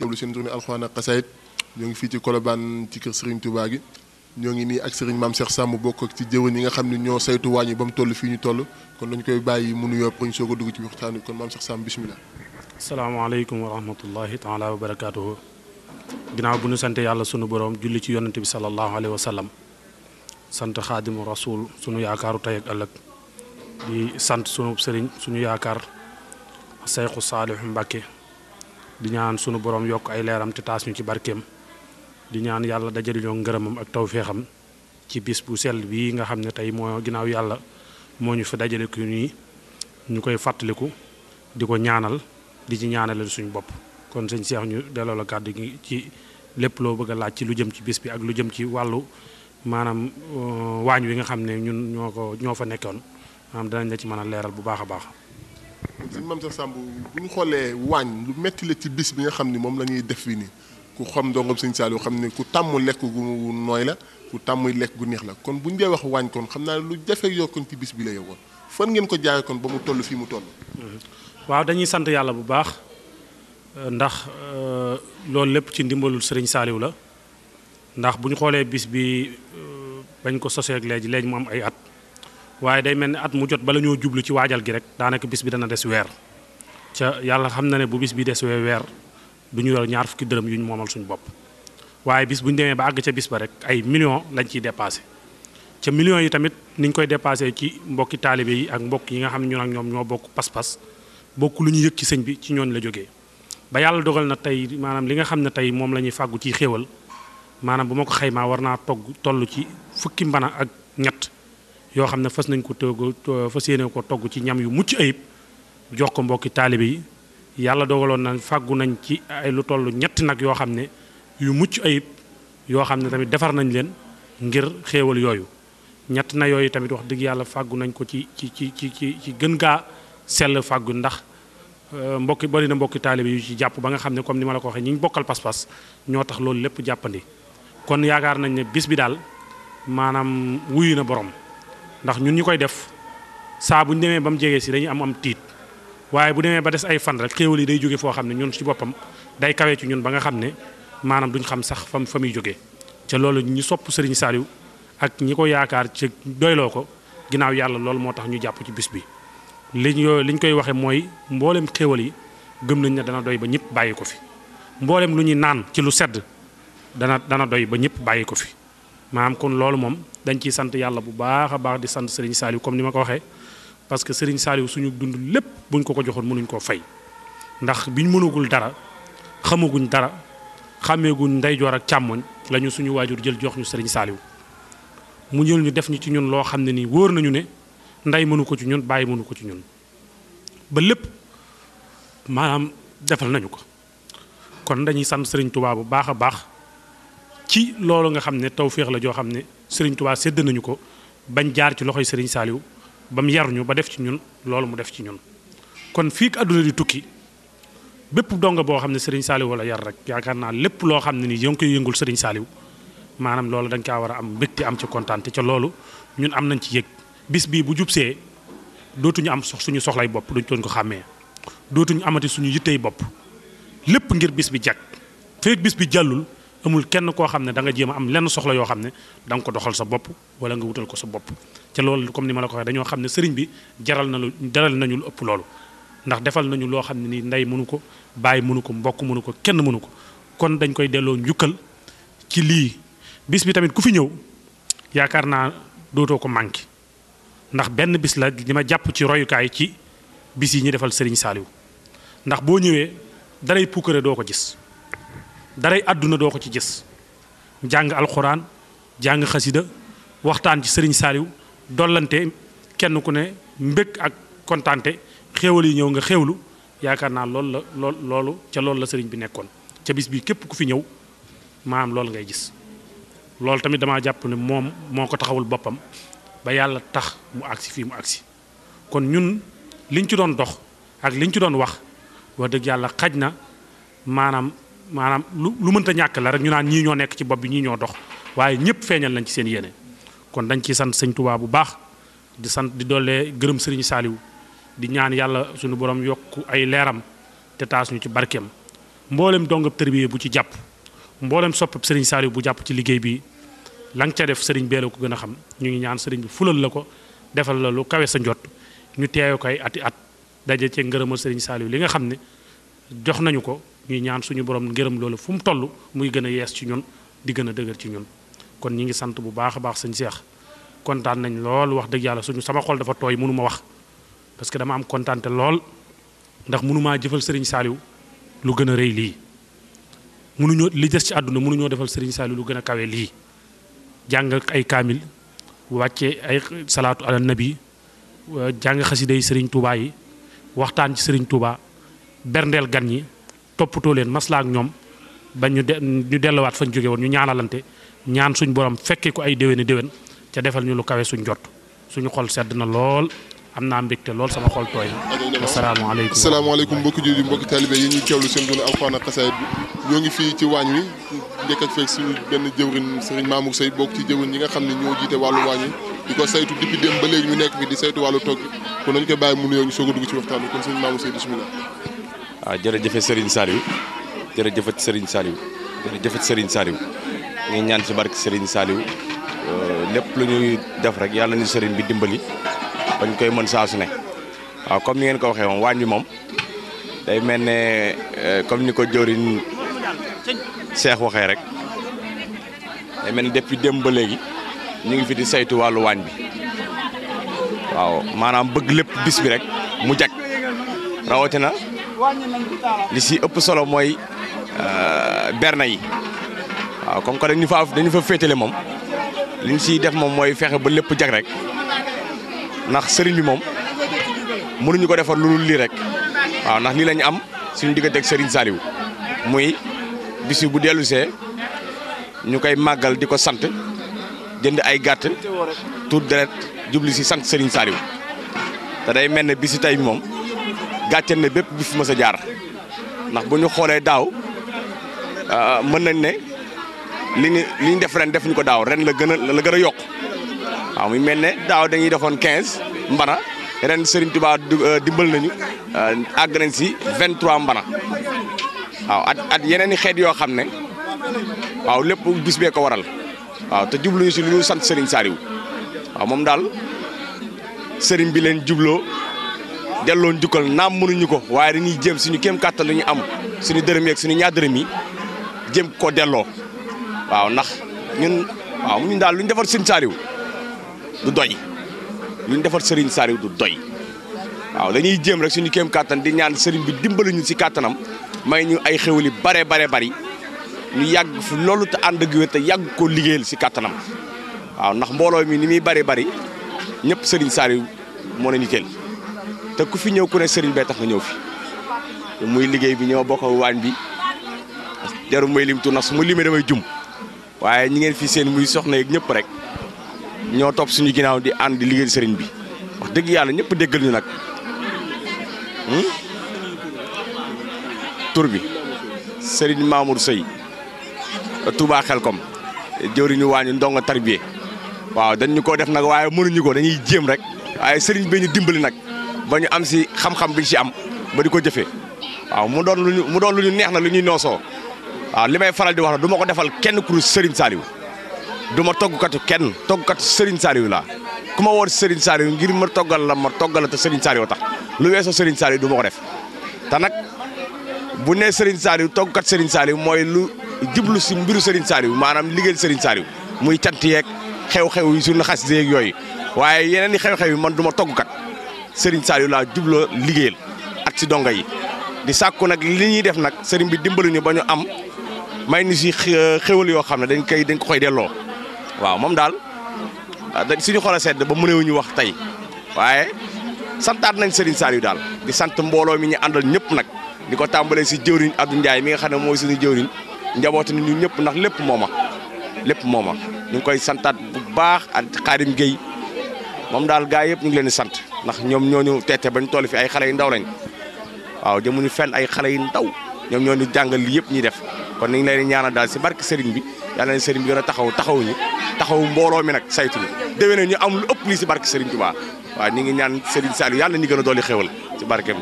teewlu seen journée alxuraan ak xasaayit ñoo ngi fii ci Colobane ci kër Serigne Touba gi ñoo ngi nii ak Serigne Mame Cheikh Samb bokk ak ci jëwën yi nga xam ne ñoo saytu wàññi ba mu toll fii ñu toll kon dañ koy bàyyi mu nuyoo pour ñu soog a dugg ci waxtaan bi kon Mame Cheikh Samb bisimilah. salaamaaleykum wa rahmatullahi taala wa barakaatuhu ginnaaw bu ñu sant yàlla sunu borom julli ci yonante bi sallallahu alayhi wa sallam sant xaadimu rasul sunu yaakaaru tey ak ëllëg di sant sunu sëriñ suñu yaakaar sayxu saalixu mbàkke di ñaan sunu borom yokk ay leeram te taas ñu ci barkeem di ñaan yàlla dajariñoo ngërëmam ak tawféexam ci bis bu sell bii nga xam ne tey moo ginnaaw yàlla moo ñu fa dajale ku nii ñu koy fàttaliku di ko ñaanal di ci ñaanale suñu bopp kon sëñ Cheikh ñu delloo la kàddu gi ci lépp loo bëgg a laaj ci lu jëm ci bis bi ak lu jëm ci wàllu maanaam euh, waañ wi nga xam ne ñun ñoo ko ñoo fa nekkoon maanaam danañ la ci mën a leeral bu baax a baax. sëñ Mame Cheikh Samb bu ñu xoolee waañ lu metti la ci bis bi nga xam ni moom la ñuy def fii nii ku xam ndongoom sëñ xam ne ku tàmm lekk gu nooy la ku tàmm lekk neex la kon bu ñu wax waañ kon xam naa lu jafe yokkoon ci bis bi la yokkoon fan ngeen ko jaay kon ba toll fii mu toll. waaw dañuy sant yàlla bu baax ndax euh, loolu lépp ci ndimbalul sëriñ Saliou la ndax bu ñu xoolee bis bi euh, bañ ko sosee ak léegi léegi mu am ay at. waaye day mel ni at mu jot bala ñoo jublu ci waajal gi rek daanaka bis bi dana des weer ca yàlla xam ne bu bis bi des wee weer du ñu yor ñaar fukki dërëm yu ñu moomal suñu bopp waaye bis bu ñu demee ba àgg ca bis ba rek ay million lañ ciy dépassé ca million yi tamit ni ñu koy dépassé ci mbokki taalibe yi ak mbokk yi nga xam ne ñun ak ñoom ñoo bokk pas-pas bokk lu ñu yëg ci sëñ bi ci ñoon la jógee ba yàlla dogal na tey maanaam li nga xam ne tey moom la ñuy ci xéewal maanaam bu ma ko xaymaa war togg toll ci fukki mbana ak ñett yoo xam ne fës nañ ko togg fas yéene ko togg ci ñam yu mucc ayib jox ko mbokki taalibe yi yàlla dogaloon na fàggu nañ ci ay lu toll ñett nag yoo xam ne yu mucc ayib yoo xam ne tamit defar nañ leen ngir xewal yooyu ñett na yooyu tamit wax dëgg yàlla fàggu nañ ko ci ci ci ci ci ci gën gaa sell fàggu ndax euh, mbokki bari na mbokki taalibe yu ci jàpp ba nga xam ne comme ni ma la ko waxee ñi ñu bokkal pas-pas ñoo tax loolu lépp jàppandi kon yaakaar nañ ne bis bi daal maanaam wuyu na borom ndax ñun ñu koy def saa bu ñu demee ba mu jegee si dañuy am am tiit waaye bu demee ba des ay fan rek xéewal yi day jóge foo xam ne ñun ci boppam day kawee ci ñun ba nga xam ne maanaam duñ xam sax fam fa muy jóge ca loolu ñi sopp Serigne Saliou ak ñi ko yaakaar ci doyloo ko ginnaaw yàlla loolu moo tax ñu jàpp ci bis bi ñu liñ li liñ koy waxee mooy mboolem xéewal yi gëm nañ ne dana doy ba ñëpp bàyyi ko fi mboolem lu ñuy naan ci lu sedd dana dana doy ba ñëpp bàyyi ko fi maanaam kon loolu moom dañ ciy sant yàlla bu baax a baax di sant sëriñ Saliou comme ni ma ko waxee parce que Serigne Saliou suñu dund lépp buñ ko ko joxoon mënuñ koo fay ndax biñ mënagul dara xamaguñ dara xàmmeeguñ ndeyjoor ak càmmoñ lañu suñu waajur jël jox ñu Serigne Saliou mu jël ñu def ñu ci ñun loo xam ne nii wóor nañu ne ndey mënu ko ci ñun bàyyi mënu ko ci ñun ba lépp maanaam defal nañu ko kon dañuy sant Serigne Touba bu baax a baax. ci loolu nga xam ne tawféex la joo xam ne seriñ Touba sédd nañu ko bañ jaar ci loxo Serigne saaliw ba mu yaruñu ba def ci ñun loolu mu def ci ñun. kon fii àdduna di tukki bépp donga boo xam ne Serigne Saliou wala yar rek yaakaar naa lépp loo xam ne nii yaa koy yëngul Serigne Saliou maanaam loolu da kaa war a am mbégte am ci kontaan te loolu ñun am nañ ci yëg bis bii bu jubsee dootuñu am sox suñu soxlay bopp duñ doon ko xàmmee dootuñu amati suñu yittey bopp lépp ngir bis bi jag feek bis bi jàllul. amul kenn koo xam ne da nga jéem a am lenn soxla yoo xam ne da ko doxal sa bopp wala nga wutal ko sa bopp ca loolu comme ni ma la ko waxee dañoo xam ne sëriñ bi jaral na lu jaral nañu lu ëpp loolu ndax defal nañu loo xam ne nii ndey mënu ko bàyyi mënu ko mbokk mënu ko kenn mënu ko kon dañ koy delloo njukkal ci lii bis bi tamit ku fi ñëw yaakaar naa dootoo ko manqué ndax benn bis la li ma jàpp ci royukaay ci bis yi ñu defal sëriñ Saaliw ndax boo ñëwee dalay puukare doo ko gis daray àdduna doo ko ci gis jàng alxuraan jàng xasida waxtaan ci sëriñ saaliw dollante kenn ku ne mbëkk ak kontante xéewal yi ñëw nga xéewlu yaakaar naa lool la lool loolu ca loolu la sëriñ bi nekkoon ca bis bi képp ku fi ñëw maam loolu ngay gis loolu tamit dama jàpp ne moom moo ko taxawul boppam ba yàlla tax mu agsi fii mu agsi kon ñun liñ ci doon dox ak liñ ci doon wax wax dëgg yàlla xaj na maanaam maanaam lu lu mënta ñàkk la rek ñu naan ñii ñoo nekk ci bopp bi ñii ñoo dox waaye ñëpp feeñal nañ ci seen yéene kon dañ ciy sant sëñ tubaab bu baax di sant di doolee gërëm sëriñ Saaliw di ñaan yàlla suñu borom yokk ay leeram te taas ñu ci barkeem mboolem dongab tërbiye bu ci jàpp mboolem soppab sëriñ Saaliw bu jàpp ci liggéey bi la nga ca def sëriñ bee ko gën a xam ñu ngi ñaan sëriñ bi fulal la ko defal la lu kawe sa njot ñu teewe ko ay ati at daje cee ngërëmal sëriñ Saaliw li nga xam ne jox nañu ko ñuy ñaan suñu borom ngeerum loolu fu mu tollu muy gën a yees ci ñun di gën a dëgër ci ñun kon ñi ngi sant bu baax a baax sëñ Cheikh kontaan nañ lool wax dëgg yàlla suñu sama xol dafa tooy mënuma wax parce que dama am kontaante lool ndax mënumaa jëfal sëriñ Saliou lu gën a rëy lii mënuñoo li des ci àdduna mënuñoo defal sëriñ Saliou lu gën a kawe lii jàng ay kaamil wàcce ay salaatu ala nabi jàng xasida yi sëriñ Touba yi waxtaan ci sëriñ Touba berndeel gan ñi toppatoo leen maslaa ak ñoom ba ñu de ñu delluwaat fañ jóge woon ñu ñaanalante ñaan suñ borom fekkee ko ay déwéni déwén ca defal ñu lu kawe suñ jot suñu xol sedd na lool am naa mbégte lool sama xol tooy na. asalaamaaleykum asalaamaaleykum mbokki jullit mbokki taalibe yi ñuy teewlu seen dund alxuraan ak xasaayid bi ñoo ngi fii ci waañ wi njëkk ak fekk suñu benn jëwrin Serigne Mamour Seye bokk ci jëwrin ñi nga xam ne ñoo jiite wàllu waañ wi di ko saytu depuis démb ba léegi ñu nekk fi di saytu wàllu togg kon nañu koy bàyyi mu nuyoo ñu soog a dugg ci waxtaan bi waaw ah, jërëjëfe Serigne Saliou jërëjëfat Serigne Saliou jërëjëfat Serigne Saliou ngi ñaan ci barke Serigne Saliou euh, lépp lu ñuy def rek yàlla ñu Serigne bi dimbali bañ koy mën saa ne waaw comme ni ngeen ko waxee moom waañ bi moom day mel ne euh, comme ni ko jëriñ Cheikh waxee rek day mel depuis démb ba léegi ngi fi di saytu wàllu waañ bi waaw maanaam bëgg lépp bis bi rek mu jag rawatina. li si ëpp solo mooy euh, berna yi waaw comme que dañu fa dañu fa féetale moom li ñu siy def moom mooy fexe ba lépp jag rek ndax sëriñ bi moom mënuñu ko defar lu lii rek waaw ndax lii lañu am suñu diggante ak sëriñ Saliou muy bis bu dellusee ñu koy màggal di ko sant jënd ay gàtt tuut deret jubli si sant sëriñ Saliou te day mel ne bisi tey moom. gàcce ne bépp bi fi mës a jaar ndax bu ñu xoolee daaw euh, mën nañ ne li ñu li ñu def ren defuñu ko daaw ren la gën a la gën a yokk waaw mu mel ne daaw dañuy defoon 15 mbana ren sëriñ Touba euh, dimbal nañu euh, àgg nañ si 23 mbana waaw at yeneen i xeet yoo xam ne waaw lépp gis bee ko waral waaw te jublu jubluñu si lu ñu sant Serigne Saliou waaw moom daal Serigne bi leen jubloo. delon njukkal nam mënuñu ko waye dañuy jëm suñu kem katal am suñu dërëm ak suñu ñaar dërëm yi jëm ko delloo waaw nax ñun waaw ñun dal lu ñu defar Serigne Saliou du doy lu ñu defar Serigne Saliou du doy waaw dañuy jëm rek suñu kem katan di ñaan Serigne bi dimbali ñu si katanam, may ñu ay xewuli bare bare bare bari ñu yag fu lolu ta and ak wér yag ko koo ci si waaw nax mbolo mi ni mi bari bare ñepp Serigne Saliou leen te ku fi ñëw ku ne sëriñ bee tax nga ñëw fi muy liggéey bi ñoo bokk waañ bi jaru may lim tu ndax su ma limee damay jum waaye ñi ngeen fi seen muy soxna yeeg ñëpp rek ñoo topp suñu ginnaaw di ànd di liggéey sëriñ bi wax dëgg yàlla ñëpp déggal ñu nag hmm? tur bi sëriñ Mamour Seye Touba Xelkom jëwriñu waañu ndongo tarbiye waaw dañ ko def nag waaye mënuñu ko dañuy jéem rek waaye sëriñ bee ñu dimbali nag ba ñu am si xam-xam bi ñu si am ba di ko jëfee waaw mu doon lu ñu mu doon lu ñu neex na lu ñuy noosoo waaw li may faral di wax na du ma ko defal kenn ku Serigne Saliou du ma toggkatu kenn toggkatu Serigne Saliou laa ku ma woon Serigne Saliou ngir ma toggal la ma toggal la te Serigne Saliou tax lu weesoo Serigne Saliou du ma ko def te nag bu nee Serigne Saliou toggkat Serigne Saliou mooy lu jublu si mbiru Serigne Saliou maanaam liggéeyal Serigne Saliou muy cant yeeg xew-xew yi suñu xas yeeg yooyu waaye yeneen i xew-xew man du ma sëriñ Saliou laa jubloo liggéeyal ak si dongo yi di sàkku nag li ñuy def nag sëriñ bi dimbali ñu ba ñu am may ni si xéwal yoo xam ne dañ koy dañ ko koy delloo waaw moom daal ah, dañ suñu xol a sedd ba mënewuñu wax tey waaye santaat nañ Serigne Saliou daal di sant mbooloo mi ñu àndal ñëpp nag di ko tàmbalee si jëwriñ Abdou Ndiaye mi nga xam ne mooy suñu jëwriñ njabooti ni ñu ñëpp ndax lépp mooma lépp mooma ñu ngi koy santaat bu baax ak Xaadim Gueye moom daal gaa yëpp ñu ngi leen di sant ndax ñoom ñooñu teete bañ toll fi ay xale yu ndaw lañ waaw jëmuñu fenn ay xale yu ndaw ñoom ñooñu jàngal li yëpp ñuy def kon ni ngi leen ñaanal daal si barke sëriñ bi yàlla na sëriñ bi gën a taxaw taxawuñu ñu taxaw mbooloo mi nag saytu ñu déwéne ñu am lu ëpp lii si barke sëriñ Tuubaa waaw ñi ngi ñaan sëriñ Saliou yàlla ñu gën a dolli xéwal si barkeem